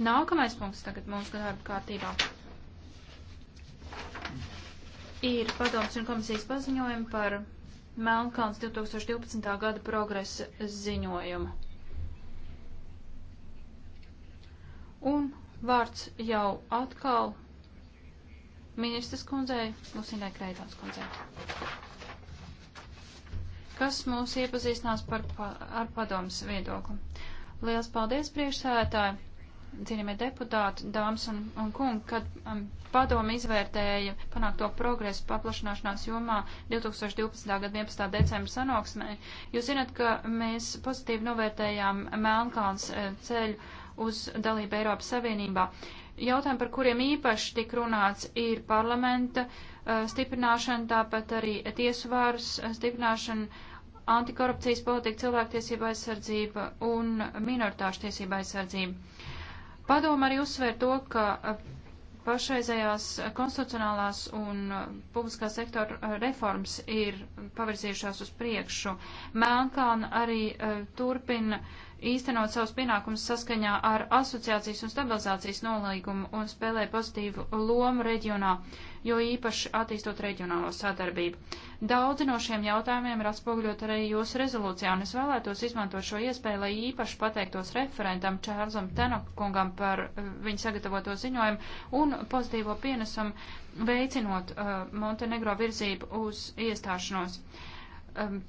Nākamais punkts tagad mums darba kārtībā ir padoms un komisijas paziņojumi par Melnkalns 2012. gada progresa ziņojumu. Un vārds jau atkal ministras kundzei, Lusinai Kreidons kundzei, kas mūs iepazīstinās par, par, ar padomas viedokli. Liels paldies priekšsēdētāji! cienījamie deputāti, dāmas un, un kungi, kad um, padomi izvērtēja panākto progresu paplašanāšanās jomā 2012. gada 11. decembra sanāksmē, jūs zināt, ka mēs pozitīvi novērtējām Melnkalns eh, ceļu uz dalību Eiropas Savienībā. Jautājumi, par kuriem īpaši tik runāts, ir parlamenta uh, stiprināšana, tāpat arī tiesu vārus eh, stiprināšana, antikorupcijas politika, cilvēktiesība aizsardzība un minoritāšu tiesība aizsardzība. Padoma arī uzsver to, ka eh, pašreizējās konstitucionālās un eh, publiskā sektora eh, reformas ir pavirzījušās uz priekšu. Melnkalna arī turpina uh, īstenot savus pienākumus saskaņā ar asociācijas un stabilizācijas nolīgumu un spēlē pozitīvu lomu reģionā, jo īpaši attīstot reģionālo sadarbību. Daudzi no šiem jautājumiem ir atspoguļot arī jūsu rezolūcijā, un es vēlētos izmantot šo iespēju, lai īpaši pateiktos referentam Čārlzam Tenokungam par uh, viņa sagatavoto ziņojumu un pozitīvo pienesumu veicinot uh, Montenegro virzību uz iestāšanos. Um,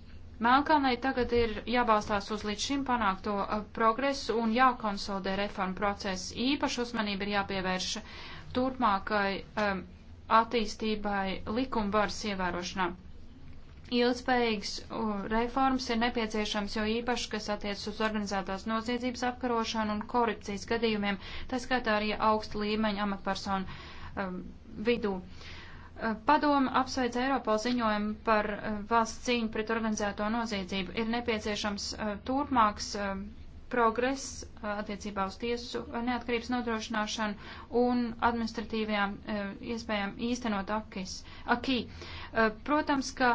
Melkalnei tagad ir jābalstās uz līdz šim panākto uh, progresu un jākonsolidē reformu procesu. Īpaši uzmanība ir jāpievērš turpmākai um, attīstībai likumvaras ievērošanā. Ilgspējīgs uh, reformas ir nepieciešams, jo īpaši, kas attiec uz organizētās noziedzības apkarošanu un korupcijas gadījumiem, tā skaitā arī augsta līmeņa amatpersonu um, vidū. Uh, Padoma apsveic Eiropā ziņojumu par eh, valsts cīņu pret organizēto noziedzību. Ir nepieciešams eh, turpmāks eh, progress attiecībā uz tiesu neatkarības nodrošināšanu un administratīvajām iespējām īstenot akis, akī. Protams, ka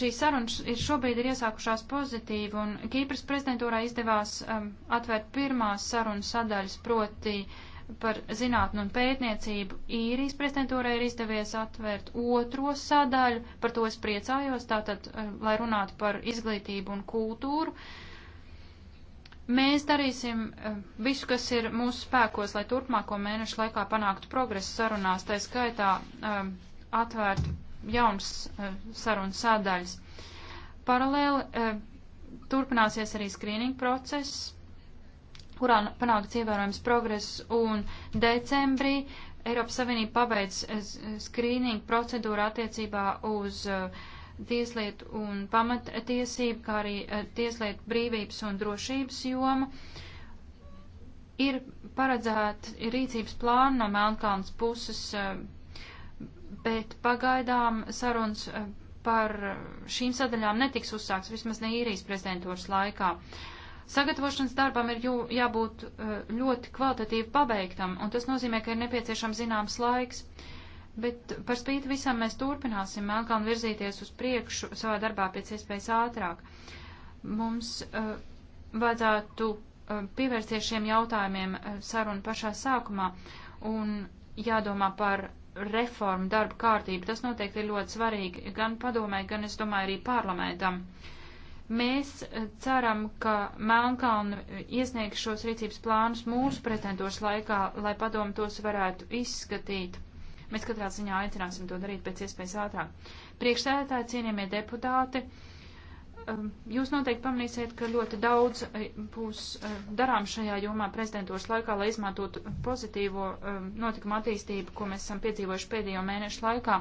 šīs sarunas ir šobrīd ir iesākušās pozitīvi, un Kīpras prezidentūrā izdevās um, atvērt pirmās sarunas sadaļas, proti uh, par zinātnu un pētniecību īrijas prezidentūrai ir izdevies atvērt otro sadaļu, par to es priecājos, tātad, eh, lai runātu par izglītību un kultūru. Mēs darīsim eh, visu, kas ir mūsu spēkos, lai turpmāko mēnešu laikā panāktu progresu sarunās, tā skaitā eh, atvērt jaunas sarunas sadaļas. Paralēli turpināsies arī skrīninga process kurā panākts ievērojams progress, un decembrī Eiropas Savienība pabeidz eh, skrīningu procedūru attiecībā uz uh, tieslietu un pamatiesību, kā arī uh, tieslietu brīvības un drošības jomu. Ir paredzēta rīcības plāna no Melnkalnas puses, uh, bet pagaidām sarunas par šīm sadaļām netiks uzsāks, vismaz ne īrijas prezidentūras laikā. Uh, Sagatavošanas darbam ir jū, jābūt eh, ļoti kvalitatīvi pabeigtam, un tas nozīmē, ka ir nepieciešams zināms laiks. Bet par spīti visam mēs turpināsim Melkalnu virzīties uz priekšu savā darbā pēc iespējas ātrāk. Mums uh, vajadzētu uh, pievērsties šiem jautājumiem uh, sarunu pašā sākumā un jādomā par reformu darba kārtību. Tas noteikti ir ļoti svarīgi gan padomē, gan es domāju arī parlamentam. Uh, Mēs eh, ceram, ka Melnkalna eh, iesniegs šos rīcības plānus mūsu pretendos laikā, lai padomu tos varētu izskatīt. Mēs katrā ziņā aicināsim to darīt pēc iespējas ātrāk. Priekšsēdētāji, cienījamie deputāti, uh, Um, jūs noteikti pamanīsiet, ka ļoti daudz eh, būs eh, darām šajā jomā prezidentūras laikā, lai izmantotu pozitīvo um, notikumu attīstību, ko mēs esam piedzīvojuši pēdējo mēnešu laikā.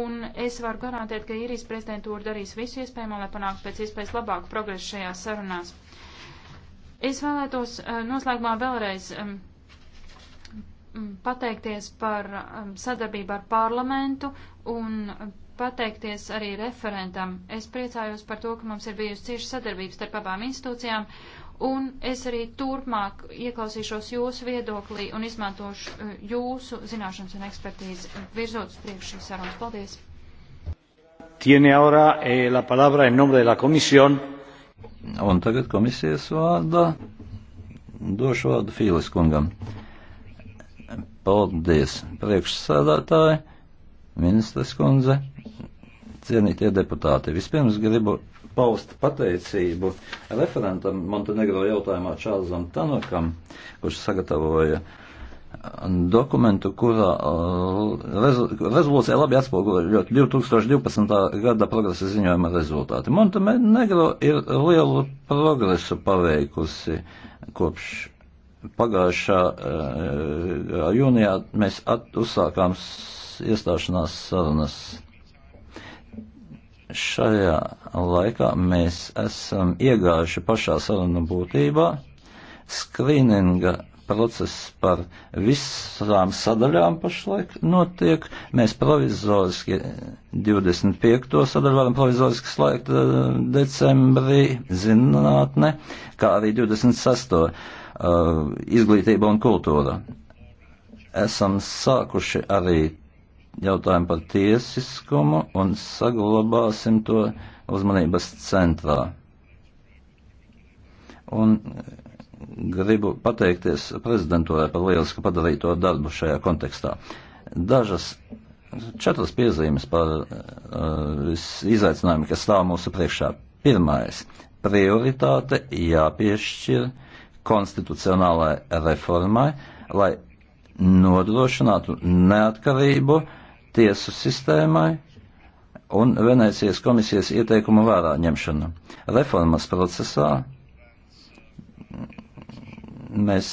Un es varu garantēt, ka īrijas prezidentūra darīs visu iespējamo, lai panāktu pēc iespējas labāku progresu šajās sarunās. Es vēlētos eh, noslēgumā vēlreiz um, pateikties par sadarbību ar parlamentu un pateikties arī referentam. Es priecājos par to, ka mums ir bijusi cieša sadarbības starp abām institūcijām, un es arī turpmāk ieklausīšos jūsu viedoklī un izmantošu eh, jūsu zināšanas un ekspertīzi virzot uz priekšu šīs sarunas. Paldies! Tiene ahora eh, la palabra en nombre de la comisión. Un tagad komisijas vārdā došu vārdu Fīles kungam. Paldies, priekšsēdētāji, ministres kundze cienītie deputāti. Vispirms gribu paust pateicību referentam Montenegro jautājumā Čārlzam Tanokam, kurš sagatavoja uh, dokumentu, kurā uh, rezolūcija labi atspoguļo 2012. gada progresa ziņojuma rezultāti. Montenegro ir lielu progresu paveikusi kopš pagājušā uh, jūnijā mēs at, uzsākām iestāšanās sarunas Šajā laikā mēs esam iegājuši pašā sarunu būtībā skrīninga process par visām sadaļām pašlaik notiek. Mēs provizoriski 25. sadaļu varam provizoriski slēgt eh, decembrī zinātne, kā arī 26. Uh, eh, izglītība un kultūra. Esam sākuši arī jautājumu par tiesiskumu un saglabāsim to uzmanības centrā. Un eh, gribu pateikties prezidentūrai par lielisku padarīto darbu šajā kontekstā. Dažas četras piezīmes par uh, izaicinājumu, kas stāv mūsu priekšā. Pirmais - prioritāte jāpiešķir konstitucionālai reformai, lai nodrošinātu neatkarību tiesu sistēmai un Venēcijas komisijas ieteikumu vērā ņemšanu. Reformas procesā mēs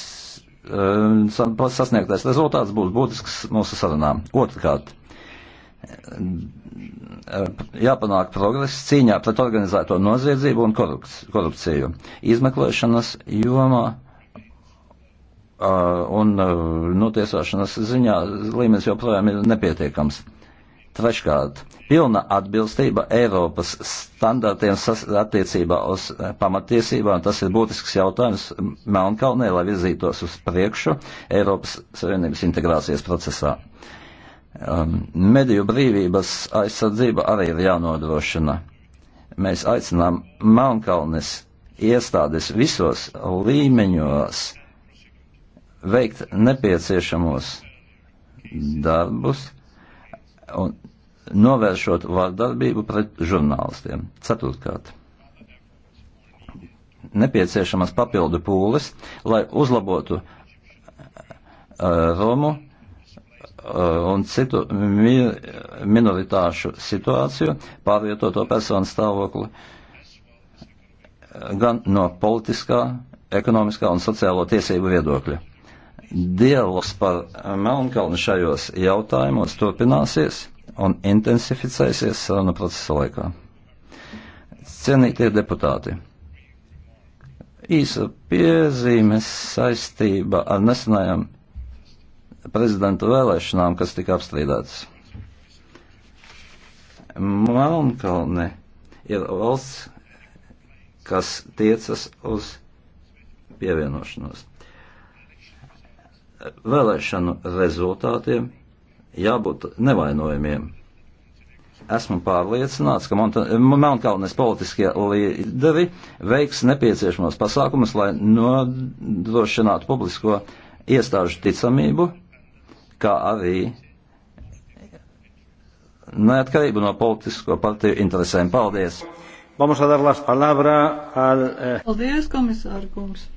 eh, sasniegtais rezultāts būs būtisks mūsu sarunām. Otrkārt, eh, jāpanāk progress cīņā pret organizēto noziedzību un korupciju. Izmeklēšanas jomā Uh, un uh, notiesāšanas nu, ziņā līmenis joprojām ir nepietiekams. Treškārt, pilna atbilstība Eiropas standartiem attiecībā uz uh, pamatiesībām, tas ir būtisks jautājums Melnkalnē, lai virzītos uz priekšu Eiropas Savienības integrācijas procesā. Um, mediju brīvības aizsardzība arī ir jānodrošina. Mēs aicinām Melnkalnes iestādes visos līmeņos veikt nepieciešamos darbus un novēršot vārdarbību pret žurnālistiem. Ceturtkārt, nepieciešamas papildu pūles, lai uzlabotu uh, Romu uh, un citu mi minoritāšu situāciju, pārvietoto personu stāvokli uh, gan no politiskā, ekonomiskā un sociālo tiesību viedokļa. Dialogs par Melnkalnu šajos jautājumos turpināsies un intensificēsies sarunu procesa laikā. Cienītie deputāti, īsa piezīme saistība ar nesenajām prezidenta vēlēšanām, kas tika apstrīdētas. Melnkalne ir valsts, kas tiecas uz pievienošanos vēlēšanu rezultātiem jābūt nevainojumiem. Esmu pārliecināts, ka Melnkalnes politiskie līderi veiks nepieciešamos pasākumus, lai nodrošinātu publisko iestāžu ticamību, kā arī neatkarību no politisko partiju interesēm. Paldies! Vamos a dar las palabra al... Eh... Paldies, komisāra kungs!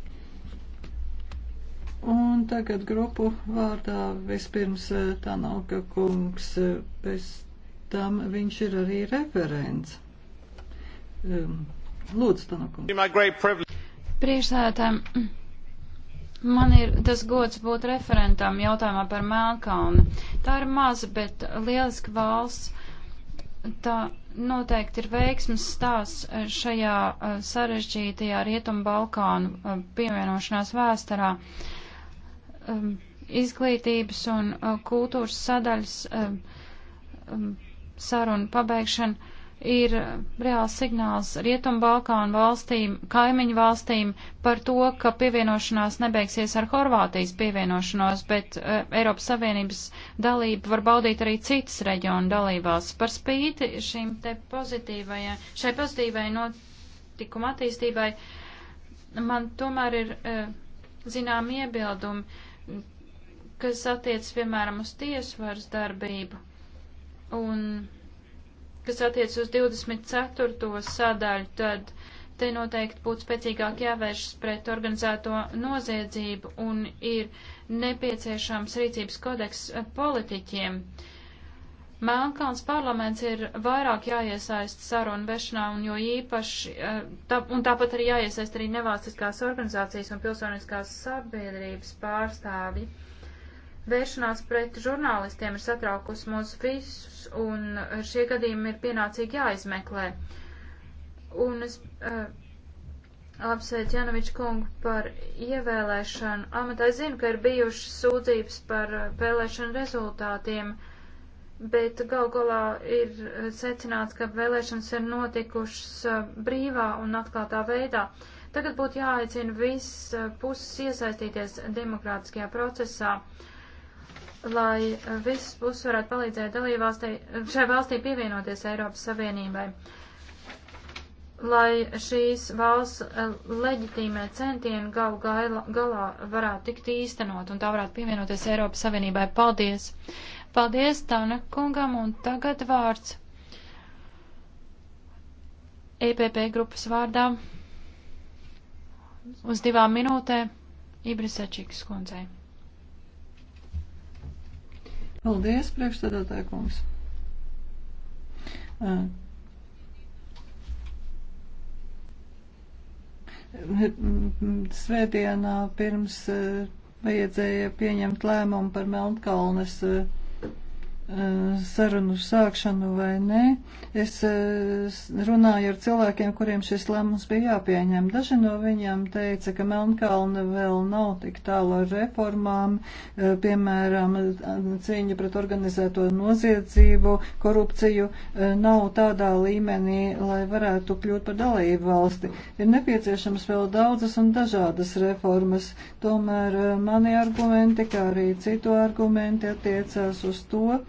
Un tagad grupu vārdā vispirms eh, Tanoka kungs, pēc eh, tam viņš ir arī referents. Ehm, lūdzu, Tanoka kungs. Priekšsēdētājiem. Man ir tas gods būt referentam jautājumā par Melnkalnu. Tā ir maza, bet lieliska valsts. Tā noteikti ir veiksmes stāsts eh, šajā sarežģītajā Rietumu Balkānu pievienošanās vēsturā. Uh, um, izglītības un uh, kultūras sadaļas um, um, sarunu pabeigšana ir uh, reāls signāls Rietumbalkānu valstīm, kaimiņu valstīm par to, ka pievienošanās nebeigsies ar Horvātijas pievienošanos, bet uh, Eiropas Savienības dalību var baudīt arī citas reģionu dalībās. Par spīti šim te pozitīvajai, šai pozitīvai notikuma attīstībai, man tomēr ir uh, zinām iebildumi kas attiecas, piemēram, uz tiesvaras darbību un kas attiecas uz 24. sadaļu, tad te noteikti būtu spēcīgāk jāvēršas pret organizēto noziedzību un ir nepieciešams rīcības kodeks politiķiem. Uh, Melnkalns parlaments ir vairāk jāiesaist sarunu vešanā un jo īpaši, eh, tā, un tāpat arī jāiesaist arī nevalstiskās organizācijas un pilsoniskās sabiedrības pārstāvi. Vēršanās pret žurnālistiem ir satraukusi mūs visus un šie gadījumi ir pienācīgi jāizmeklē. Un es uh, eh, apsveicu Janoviču kungu par ievēlēšanu. Amatā zinu, ka ir bijušas sūdzības par eh, vēlēšanu rezultātiem bet gal galā ir eh, secināts, ka vēlēšanas ir notikušas eh, brīvā un atklātā veidā. Tagad būtu jāaicina viss eh, puses iesaistīties demokrātiskajā procesā, lai visas puses varētu palīdzēt dalībvalstī, šai valstī pievienoties Eiropas Savienībai. Lai šīs valsts leģitīmē centieni gal galā varētu tikt īstenot un tā varētu pievienoties Eiropas Savienībai. Paldies! Paldies Tanakungam un tagad vārds EPP grupas vārdā uz divām minūtēm Ibrisačiks kundzei. Paldies, priekšstādātāja kungs. Uh. Svētdienā pirms uh, vajadzēja pieņemt lēmumu par Melnkalnes uh, Eh, sarunu sākšanu vai nē. Es eh, runāju ar cilvēkiem, kuriem šis lēmums bija jāpieņem. Daži no viņiem teica, ka Melnkalna vēl nav tik tālu ar reformām, eh, piemēram, cīņa pret organizēto noziedzību, korupciju nav tādā līmenī, lai varētu kļūt par dalību valsti. Ir nepieciešams vēl daudzas un dažādas reformas. Tomēr mani argumenti, kā arī citu argumenti attiecās uz to,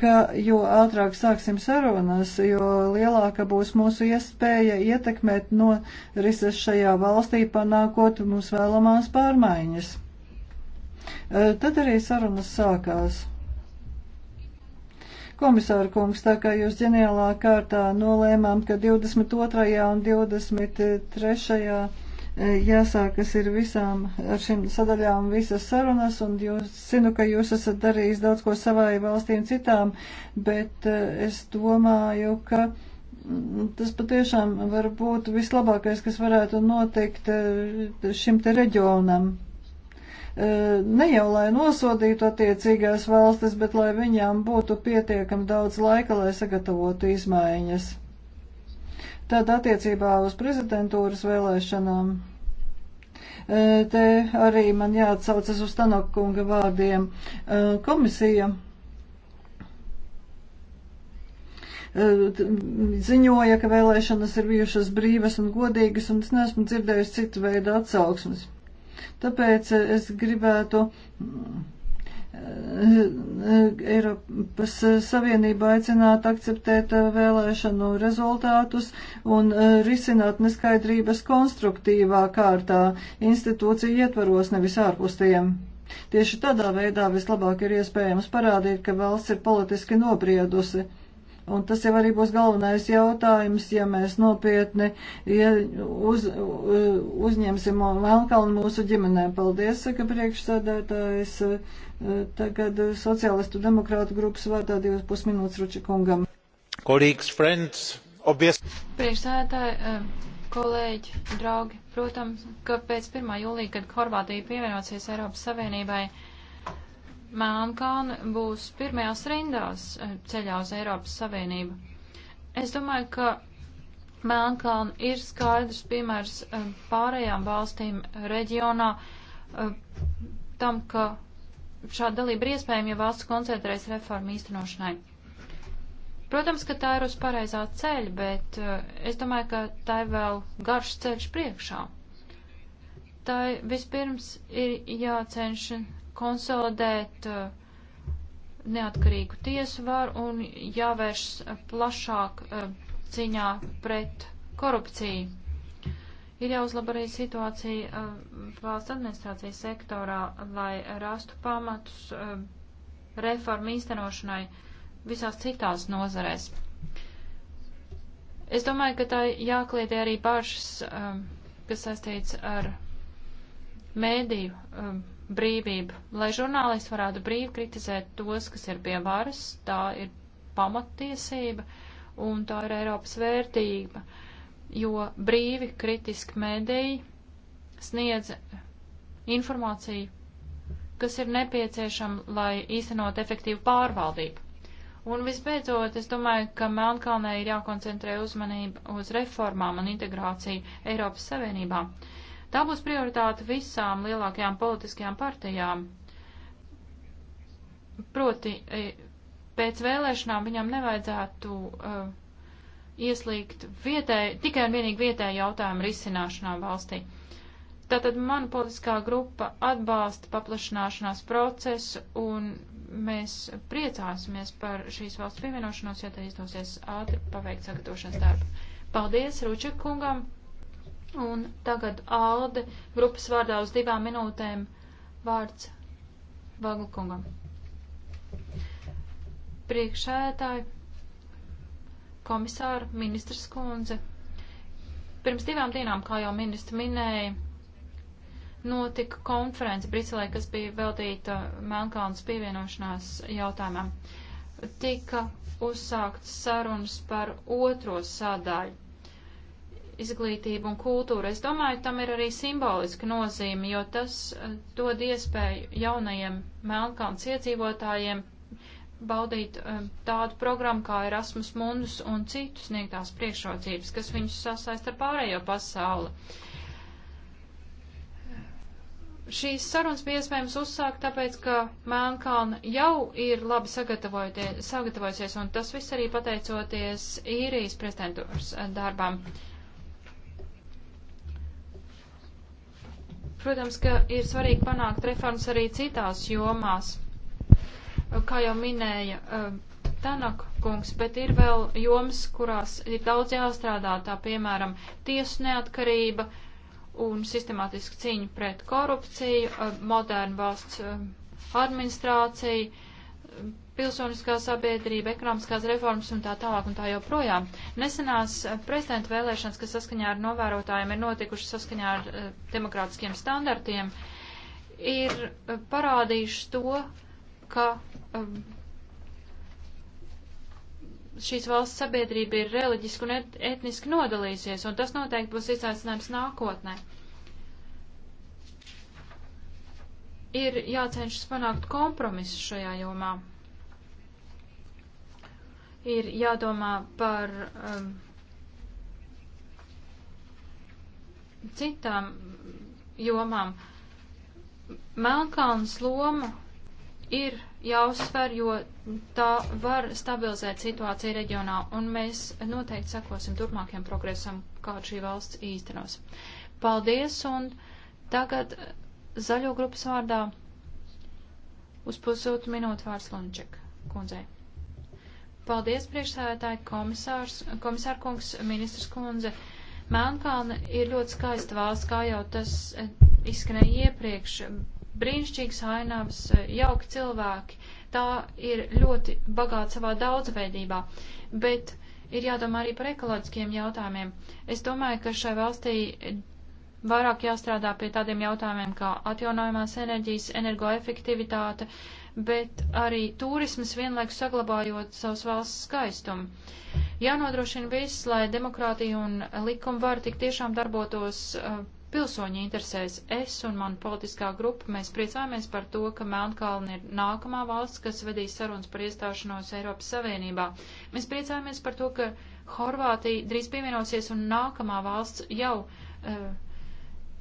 ka jo ātrāk sāksim sarunas, jo lielāka būs mūsu iespēja ietekmēt norises šajā valstī, panākot mums vēlamās pārmaiņas. E, tad arī sarunas sākās. Komisāra kungs, tā kā jūs ģeniālā kārtā nolēmām, ka 22. un 23 jāsākas ir visām ar šīm sadaļām visas sarunas, un jūs zinu, ka jūs esat darījis daudz ko savai valstīm citām, bet eh, es domāju, ka mm, tas patiešām var būt vislabākais, kas varētu notikt eh, šim te reģionam. Eh, ne jau lai nosodītu attiecīgās valstis, bet lai viņām būtu pietiekami daudz laika, lai sagatavotu izmaiņas. Tad attiecībā uz prezidentūras vēlēšanām. E, te arī man jāatsaucas uz Tanokunga vārdiem. E, komisija e, ziņoja, ka vēlēšanas ir bijušas brīvas un godīgas, un es neesmu dzirdējusi citu veidu atsauksmes. Tāpēc es gribētu Eiropas Savienība aicinātu akceptēt uh, vēlēšanu rezultātus un uh, risināt neskaidrības konstruktīvā kārtā institūcija ietvaros, nevis ārpus tiem. Tieši tādā veidā vislabāk ir iespējams parādīt, ka valsts ir politiski nobriedusi. Un tas jau arī būs galvenais jautājums, ja mēs nopietni ja uz, uzņemsim Melnkalnu mūsu ģimenēm. Paldies, saka priekšsēdētājs. Tagad sociālistu demokrātu grupas vārdā divas pusminūtes Ruči kungam. Kolīgs, friends, obvies. Priekšsēdētāji, eh, kolēģi, draugi, protams, ka pēc 1. jūlija, kad Horvātija pievienosies Eiropas Savienībai, Melnkalni būs pirmajās rindās eh, ceļā uz Eiropas Savienību. Es domāju, ka Melnkalni ir skaidrs piemērs eh, pārējām valstīm reģionā eh, tam, ka šāda dalība ir iespējama, ja valsts koncentrēs reformu īstenošanai. Protams, ka tā ir uz pareizā ceļa, bet es domāju, ka tā ir vēl garš ceļš priekšā. Tā vispirms ir jācenšas konsolidēt uh, neatkarīgu tiesu varu un jāvērš uh, plašāk uh, ciņā pret korupciju. Ir jāuzlabo arī situācija valsts administrācijas sektorā, lai rastu pamatus reformu īstenošanai visās citās nozarēs. Es domāju, ka tā jākliedē arī bažas, um, kas saistīts ar mēdīju um, brīvību, lai žurnālisti varētu brīvi kritizēt tos, kas ir pie varas, tā ir pamatiesība un tā ir Eiropas vērtība, jo brīvi kritiski mediji sniedz informāciju, kas ir nepieciešama, lai īstenot efektīvu pārvaldību. Un visbeidzot, es domāju, ka Melnkalnē ir jākoncentrē uzmanība uz reformām un integrāciju Eiropas Savienībā. Uh, Tā būs prioritāte visām lielākajām politiskajām partijām. Proti, e, pēc vēlēšanām viņam nevajadzētu uh, ieslīgt vietēji, tikai un vienīgi vietēju jautājumu risināšanā valstī. Tātad mana politiskā grupa atbalsta paplašanāšanās procesu un mēs priecāsimies par šīs valsts pievienošanos, ja te izdosies ātri paveikt sagatavošanas darbu. Paldies Ručekungam! Un tagad Alde grupas vārdā uz divām minūtēm vārds Vaglkungam. Priekšētāji, komisāra, ministrs kundze. Pirms divām dienām, kā jau ministra minēja, notika konference Briselē, kas bija veltīta Melnkalnas pievienošanās jautājumam. Tika uzsākts sarunas par otro sadaļu izglītību un kultūru. Es domāju, tam ir arī simboliska nozīme, jo tas eh, dod iespēju jaunajiem Melnkalns iedzīvotājiem baudīt eh, tādu programmu kā Erasmus Mundus un citu sniegtās priekšrocības, kas viņus sasaist ar pārējo pasauli. Šīs sarunas bija iespējams uzsākt, tāpēc, ka Melnkalna jau ir labi sagatavojusies, un tas viss arī pateicoties īrijas prezidentūras eh, darbām. Uh, Protams, ka ir svarīgi panākt reformas arī citās jomās, kā jau minēja eh, Tanak kungs, bet ir vēl jomas, kurās ir daudz jāstrādā, tā piemēram tiesu neatkarība un sistemātiska cīņa pret korupciju, eh, moderna valsts eh, administrācija pilsoniskā sabiedrība, ekonomiskās reformas un tā tālāk un tā joprojām. Nesenās prezidenta vēlēšanas, kas saskaņā ar novērotājiem ir notikušas saskaņā ar uh, demokrātiskiem standartiem, ir uh, eh, parādījuši to, ka um, šīs valsts sabiedrība ir reliģiski un et etniski nodalīsies, un tas noteikti būs izaicinājums nākotnē. Uh, ir jācenšas panākt kompromisu šajā jomā. Ir jādomā par um, citām jomām. Melnkalnas loma ir jāuzsver, jo tā var stabilizēt situāciju reģionā, un mēs noteikti sekosim turpmākajam progresam, kādu šī valsts īstenos. Paldies, un tagad zaļo grupas vārdā uz pusotru minūtu vārds Lunček kundzei. Paldies, priekšsēdētāji, komisārs, komisārkungs, ministrs kundze. Melnkalna ir ļoti skaista valsts, kā jau tas eh, izskanēja iepriekš. Brīnišķīgs ainavs, eh, jauki cilvēki. Tā ir ļoti bagāta savā daudzveidībā, bet ir jādomā arī par ekoloģiskiem jautājumiem. Es domāju, ka šai valstī Vairāk jāstrādā pie tādiem jautājumiem kā atjaunojumās enerģijas, energoefektivitāte, bet arī turismas vienlaikus saglabājot savus valsts skaistumu. Jānodrošina viss, lai demokrātija un likuma var tik tiešām darbotos uh, pilsoņu interesēs. Es un man politiskā grupa, mēs priecājamies par to, ka Melnkalna ir nākamā valsts, kas vedīs sarunas par iestāšanos Eiropas Savienībā. Mēs priecājamies par to, ka Horvātija drīz pievienosies un nākamā valsts jau uh,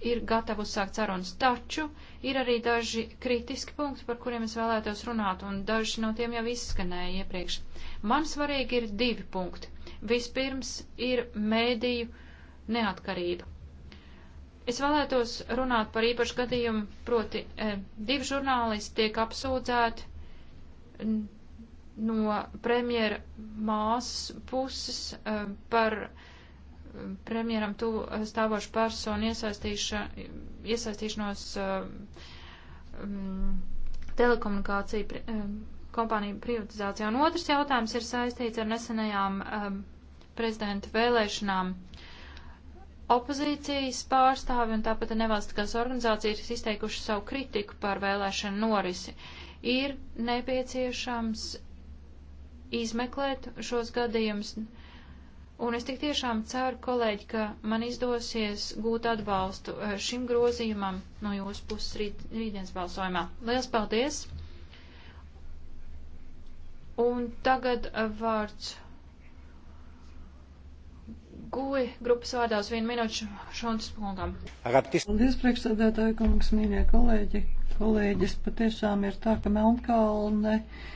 ir gatavi uzsākt sarunas, taču ir arī daži kritiski punkti, par kuriem es vēlētos runāt, un daži no tiem jau izskanēja iepriekš. Man svarīgi ir divi punkti. Vispirms ir mēdīju neatkarība. Es vēlētos runāt par īpašu gadījumu, proti eh, divi žurnālisti tiek apsūdzēti no premjera māsas puses eh, par eh, premjeram tu eh, stāvošu personu iesaistīšanos um, telekomunikāciju um, kompāniju privatizācijā. Un otrs jautājums ir saistīts ar nesenajām um, prezidenta vēlēšanām. Opozīcijas pārstāvi un tāpat nevalstiskās organizācijas ir izteikuši savu kritiku par vēlēšanu norisi. Ir nepieciešams izmeklēt šos gadījumus Un es tik tiešām ceru, kolēģi, ka man izdosies gūt atbalstu eh, šim grozījumam no jūsu puses rīt, rītdienas balsojumā. Liels paldies! Un tagad eh, vārds guvi grupas vārdā uz vienu minūšu šontas kungam. Paldies, priekšsēdētāji kungs, mīļie kolēģi. Kolēģis patiešām ir tā, ka Melnkalne. Ne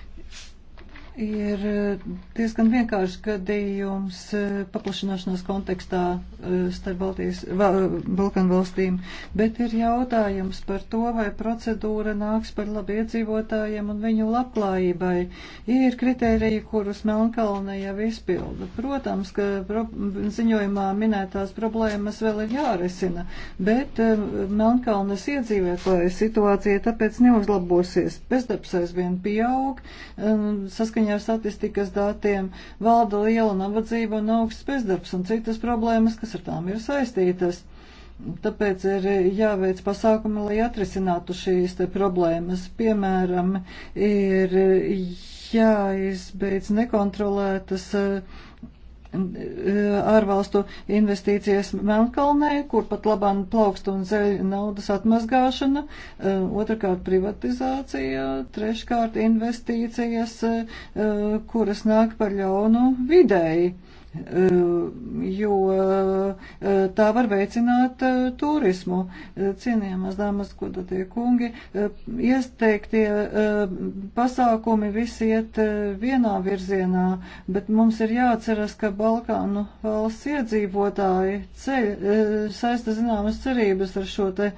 ir eh, diezgan vienkārši gadījums eh, paplašināšanās kontekstā eh, starp Baltijas, Balkanu valstīm, bet ir jautājums par to, vai procedūra nāks par labi iedzīvotājiem un viņu labklājībai. Ir kriteriji, kurus Melnkalne jau izpilda. Protams, ka pro, ziņojumā minētās problēmas vēl ir jārisina, bet Melnkalnes iedzīvotāja situācija tāpēc neuzlabosies. Bezdarbs aizvien pieaug. Saskaņā saskaņā ar statistikas datiem valda liela nabadzība un augsts bezdarbs un citas problēmas, kas ar tām ir saistītas. Tāpēc ir jāveic pasākumi, lai atrisinātu šīs problēmas. Piemēram, ir jāizbeidz nekontrolētas uh, ārvalstu investīcijas Melnkalnē, kur pat labāk plaukst un zeļ naudas atmazgāšana, eh, otrkārt privatizācija, treškārt investīcijas, eh, kuras nāk par ļaunu vidēji. Eh, jo eh, tā var veicināt eh, turismu. Cienījamās dāmas, godatie kungi, iesteiktie pasākumi visi iet vienā virzienā, bet mums ir jāatceras, ka Balkānu valsts iedzīvotāji ceļ, saista zināmas cerības ar šo te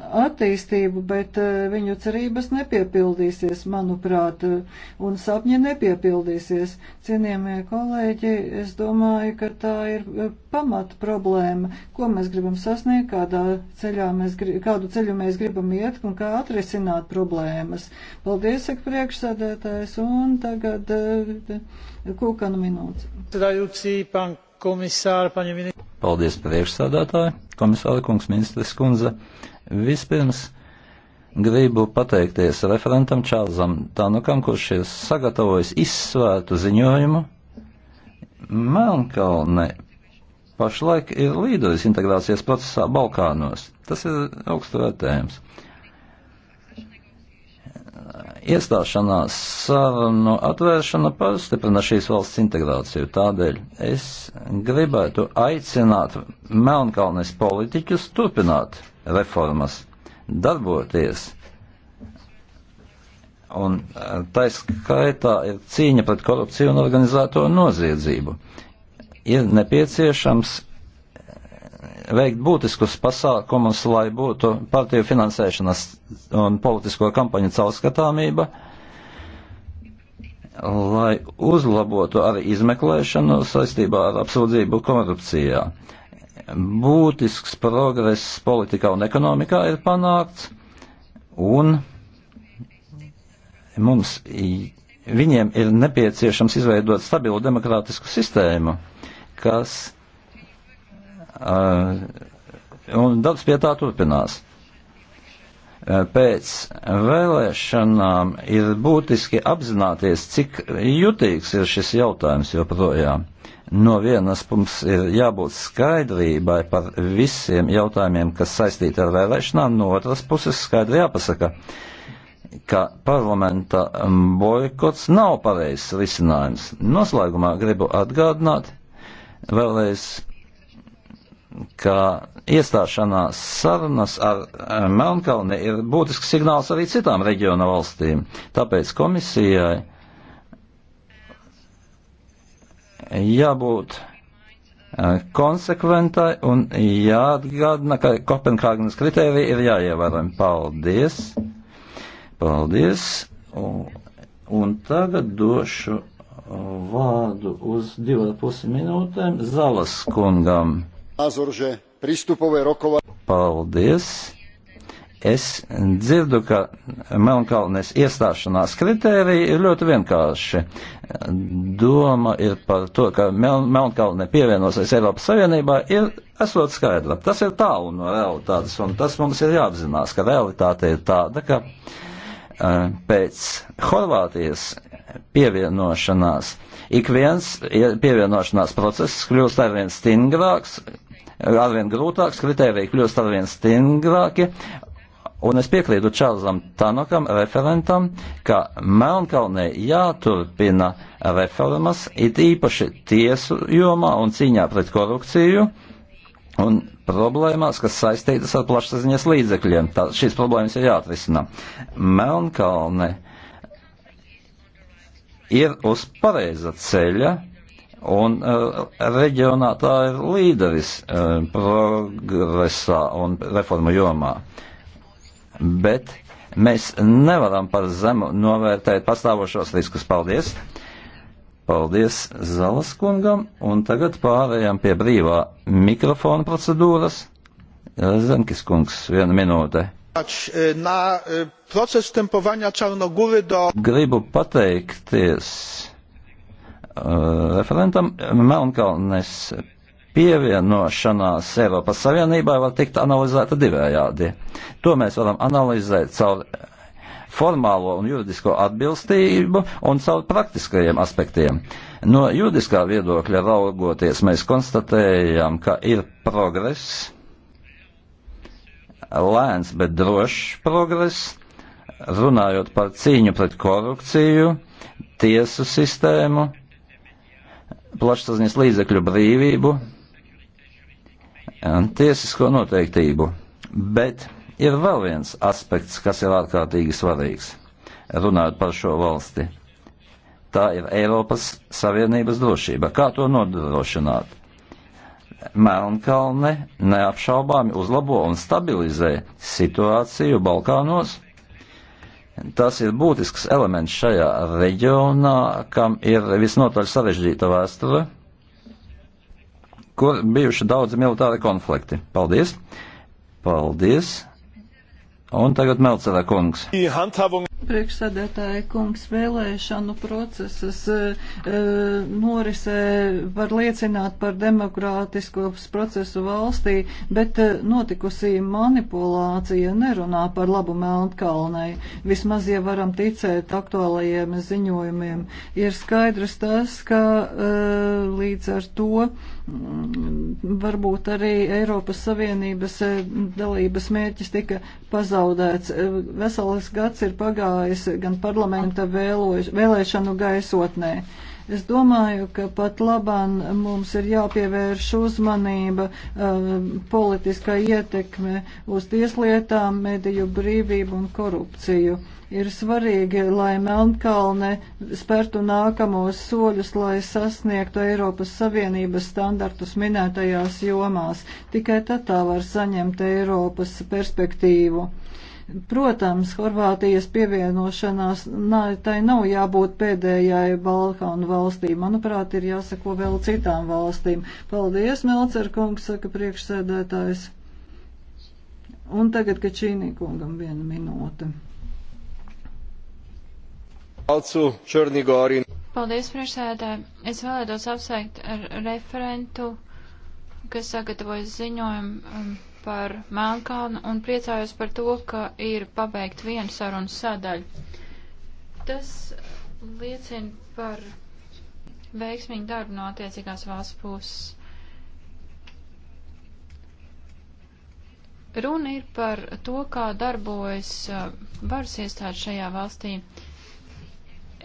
attīstību, bet viņu cerības nepiepildīsies, manuprāt, un sapņi nepiepildīsies. Cienījamie kolēģi, es domāju, domāju, ka tā ir e, pamata problēma, ko mēs gribam sasniegt, kādā ceļā mēs, kādu ceļu mēs gribam iet un kā atrisināt problēmas. Paldies, saka priekšsēdētājs, un tagad e, e, kūkanu minūtes. Paldies, priekšsēdētāji, komisāra kungs, ministres kundze. Vispirms gribu pateikties referentam Čārlzam Tanukam, kurš ir sagatavojis izsvērtu ziņojumu Melnkalne pašlaik ir līderis integrācijas procesā Balkānos. Tas ir augstu vērtējums. Iestāšanās sarunu atvēršana pastiprina šīs valsts integrāciju. Tādēļ es gribētu aicināt Melnkalnes politiķus turpināt reformas, darboties Un e, tā skaitā ir cīņa pret korupciju un organizēto noziedzību. Ir nepieciešams e, veikt būtiskus pasākumus, lai būtu partiju finansēšanas un politisko kampaņu caurskatāmība, lai uzlabotu arī izmeklēšanu saistībā ar apsūdzību korupcijā. Būtisks progress politikā un ekonomikā ir panākts, un Mums, viņiem ir nepieciešams izveidot stabilu demokrātisku sistēmu, kas. Uh, un darbs pie tā turpinās pēc vēlēšanām ir būtiski apzināties, cik jutīgs ir šis jautājums joprojām. No vienas mums ir jābūt skaidrībai par visiem jautājumiem, kas saistīti ar vēlēšanām, no otras puses skaidri jāpasaka, ka parlamenta um, boikots nav pareizs risinājums. Noslēgumā gribu atgādināt vēlreiz, ka iestāšanās sarunas ar Melnkalni ir būtisks signāls arī citām reģiona valstīm. Tāpēc komisijai jābūt uh, konsekventai un jāatgādina, ka Kopenhāgenes kritērija ir jāievērojami. Paldies! Paldies! Un tagad došu uh, vārdu uz divām pusi minūtēm Zalas kungam. Paldies! Es dzirdu, ka Melnkalnes iestāšanās kritērija ir ļoti vienkārši. Doma ir par to, ka Mel Melnkalne pievienosies Eiropas Savienībā, ir esot skaidra. Tas ir tālu no realitātes, un tas mums ir jāapzinās, ka realitāte ir tāda, ka. Uh, Eh, pēc Horvātijas pievienošanās ik viens pievienošanās process kļūst arvien stingrāks, arvien grūtāks, kritērija kļūst arvien stingrāki, Un es piekrītu Čārlzam Tanokam, referentam, ka Melnkalnē jāturpina reformas, it īpaši tiesu jomā un cīņā pret korupciju. Un problēmās, kas saistītas ar plašsaziņas līdzekļiem. Tā, šīs problēmas ir jāatrisina. Melnkalne ir uz pareiza ceļa. Un uh, reģionā tā ir līderis uh, progresā un reformu jomā. Bet mēs nevaram par zemu novērtēt pastāvošos riskus. Paldies! Paldies Zalas kungam, un tagad pārējām pie brīvā mikrofona procedūras. Zemkis kungs, viena minūte. Na e, proces tempowania Czarnogóry do... Gribu pateikties uh, referentam Melnkalnes pievienošanās Eiropas Savienībai var tikt analizēta divējādi. To mēs varam analizēt caur formālo un juridisko atbilstību un caur praktiskajiem aspektiem. No juridiskā viedokļa raugoties, mēs konstatējam, ka ir progress, lēns, bet drošs progress, runājot par cīņu pret korupciju, tiesu sistēmu, plašsaziņas līdzekļu brīvību, tiesisko noteiktību. Bet Ir vēl viens aspekts, kas ir ārkārtīgi svarīgs, runājot par šo valsti. Tā ir Eiropas Savienības drošība. Kā to nodrošināt? Melnkalne neapšaubāmi uzlabo un stabilizē situāciju Balkānos. Tas ir būtisks elements šajā reģionā, kam ir visnotaļ sarežģīta vēsture, kur bijuši daudzi militāri konflikti. Paldies! Paldies! Un tagad Melcerā kungs. Priekšsēdētāja kungs vēlēšanu procesas e, norise var liecināt par demokrātisko procesu valstī, bet eh, notikusī manipulācija nerunā par labu Melnkalnei. Vismaz, ja varam ticēt aktuālajiem ziņojumiem, ir skaidrs tas, ka e, līdz ar to Mm, varbūt arī Eiropas Savienības eh, dalības mērķis tika pazaudēts. Eh, veselis gads ir pagājis gan parlamenta vēloš, vēlēšanu gaisotnē. Es domāju, ka pat labāk mums ir jāpievērš uzmanība um, politiskai ietekme uz tieslietām, mediju brīvību un korupciju. Ir svarīgi, lai Melnkalne spērtu nākamos soļus, lai sasniegtu Eiropas Savienības standartus minētajās jomās. Tikai tad tā var saņemt Eiropas perspektīvu. Protams, Horvātijas pievienošanās nā, tai nav jābūt pēdējai Balkānu valstī. Manuprāt, ir jāsako vēl citām valstīm. Paldies, Melcer kungs, saka priekšsēdētājs. Un tagad, kad Čīnī kungam viena minūte. Paldies, priekšsēdētāji. Es vēlētos apsveikt referentu, kas sagatavojas ziņojumu. Um, par Melnkalnu un priecājos par to, ka ir pabeigt viena saruna sadaļa. Tas liecina par veiksmīgu darbu no attiecīgās valsts puses. Runa ir par to, kā darbojas uh, varas iestādes šajā valstī.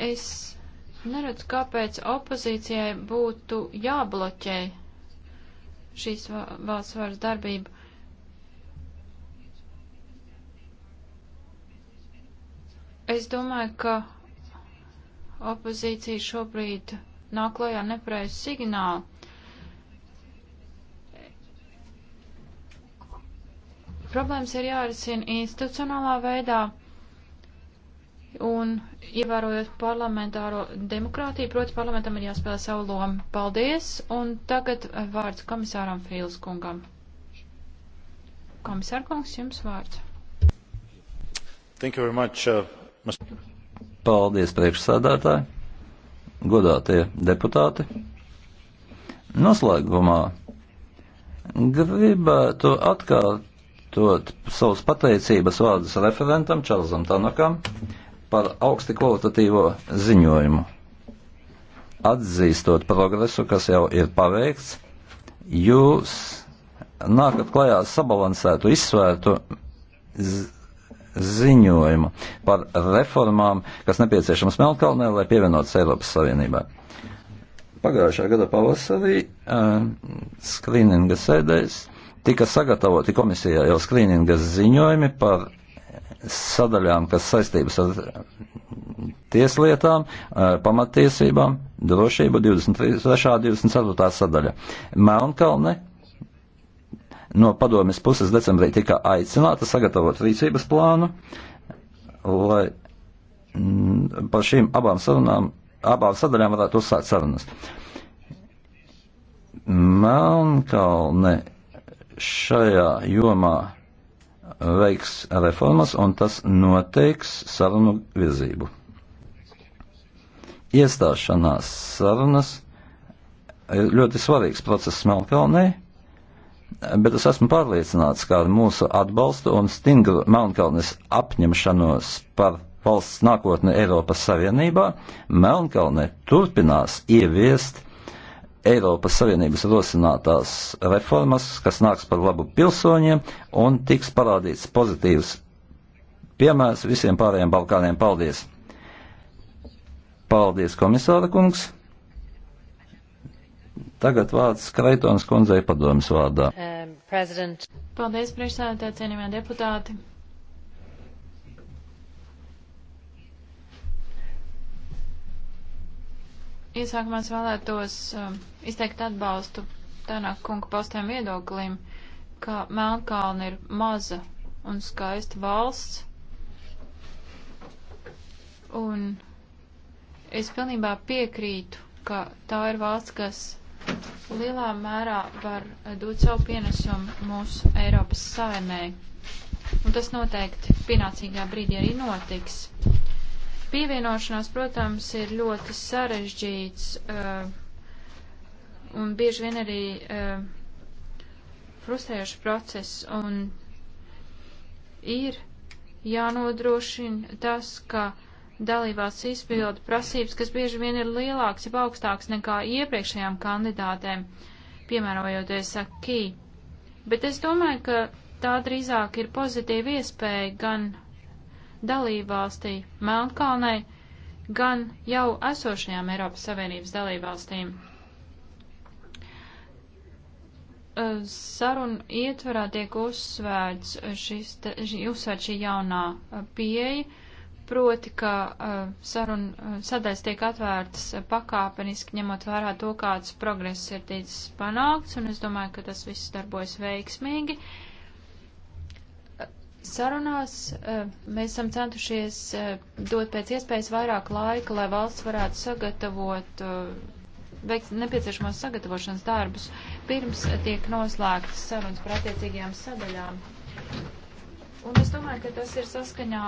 Es neredzu, kāpēc opozīcijai būtu jābloķē šīs valsts varas darbība. Es domāju, ka opozīcija šobrīd nāk lajā nepareizu signālu. Problēmas ir jārisina institucionālā veidā un ievērojot parlamentāro demokrātiju, proti parlamentam ir jāspēlē savu lomu. Paldies, un tagad vārds komisāram Frīls kungam. Komisārkungs, jums vārds. Thank you very much. Uh... Mums... Paldies, priekšsēdētāji, godātie deputāti. Noslēgumā gribētu atkārtot savus pateicības vārdus referentam Čārlzam Tanakam par augsti kvalitatīvo ziņojumu atzīstot progresu, kas jau ir paveikts, jūs nākat klajā sabalansētu, izsvērtu ziņojumu par reformām, kas nepieciešamas Melkalnē, lai pievienotas Eiropas Savienībai. Pagājušā gada pavasarī uh, eh, skrīninga sēdēs tika sagatavoti komisijā jau skrīninga ziņojumi par sadaļām, kas saistības ar tieslietām, eh, pamattiesībām, drošību 23. un 24. sadaļa. Melnkalne no padomjas puses decembrī tika aicināta sagatavot rīcības plānu, lai mm, par šīm abām sarunām, abām sadaļām varētu uzsākt sarunas. Melnkalne šajā jomā veiks reformas, un tas noteiks sarunu virzību. Iestāšanās sarunas ir ļoti svarīgs process Melnkalnei bet es esmu pārliecināts, ka ar mūsu atbalstu un stingru Melnkalnes apņemšanos par valsts nākotni Eiropas Savienībā, Melnkalne turpinās ieviest Eiropas Savienības rosinātās reformas, kas nāks par labu pilsoņiem un tiks parādīts pozitīvs piemērs visiem pārējiem Balkāniem. Paldies! Paldies, komisāra kungs! Tagad vārds Kraitons kundzei padomas vārdā. Uh. President. Paldies, priekšsēdētāji, cienījamie deputāti. Iesākumā es vēlētos um, izteikt atbalstu Tanaka kunga paustiem viedoklim, ka Melnkalna ir maza un skaista valsts. Un es pilnībā piekrītu, ka tā ir valsts, kas lielā mērā var eh, dot savu pienesumu mūsu Eiropas saimē. Un tas noteikti pienācīgā brīdī arī notiks. Pievienošanās, protams, ir ļoti sarežģīts uh, un bieži vien arī uh, frustrējošs process. Un ir jānodrošina tas, ka uh, dalībās izpildu prasības, kas bieži vien ir lielāks, ja augstāks nekā iepriekšējām kandidātēm, piemērojoties akī. Bet es domāju, ka tā drīzāk ir pozitīva iespēja gan dalībvalstī Melnkalnai, gan jau esošajām Eiropas Savienības dalībvalstīm. Eh, sarunu ietvarā tiek uzsvērts, šis, uzsvērts šī jaunā eh, pieeja proti, ka uh, eh, saruna eh, sadaļas tiek atvērtas eh, pakāpeniski, ņemot vērā to, kāds progress ir ticis panākts, un es domāju, ka tas viss darbojas veiksmīgi. Sarunās uh, mēs esam centušies uh, dot pēc iespējas vairāk laika, lai valsts varētu sagatavot, veikt nepieciešamos sagatavošanas darbus, pirms tiek noslēgtas sarunas par attiecīgajām sadaļām. Un es domāju, ka tas ir saskaņā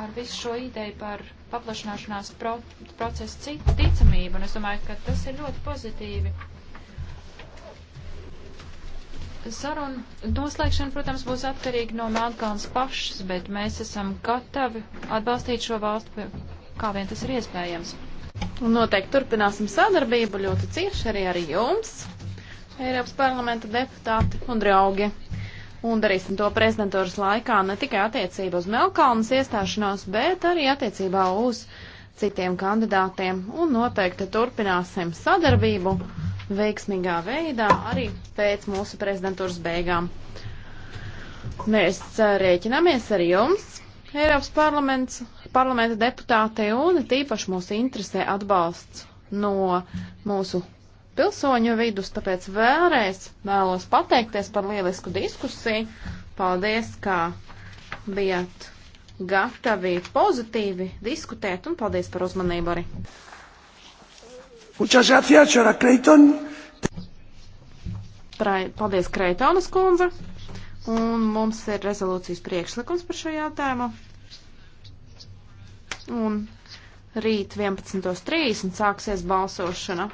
ar visu šo ideju par paplašanāšanās pro, procesu ticamību, un es domāju, ka tas ir ļoti pozitīvi. Saruna noslēgšana, protams, būs atkarīga no Melnkalnas pašas, bet mēs esam gatavi atbalstīt šo valstu, kā vien tas ir iespējams. Un noteikti turpināsim sadarbību ļoti cieši arī ar jums, Eiropas parlamenta deputāti un draugi un darīsim to prezidentūras laikā ne tikai attiecībā uz Melkalnas iestāšanos, bet arī attiecībā uz citiem kandidātiem un noteikti turpināsim sadarbību veiksmīgā veidā arī pēc mūsu prezidentūras beigām. Mēs uh, rēķināmies ar jums, Eiropas parlaments, parlamenta deputāti, un tīpaši mūs interesē atbalsts no mūsu pilsoņu vidus, tāpēc vēlreiz vēlos pateikties par lielisku diskusiju. Paldies, ka bijāt gatavi pozitīvi diskutēt un paldies par uzmanību arī. Muchas gracias, señora Creighton. Paldies, Kreitonas kundze. Un mums ir rezolūcijas priekšlikums par šo jautājumu. Un rīt 11.30 sāksies balsošana.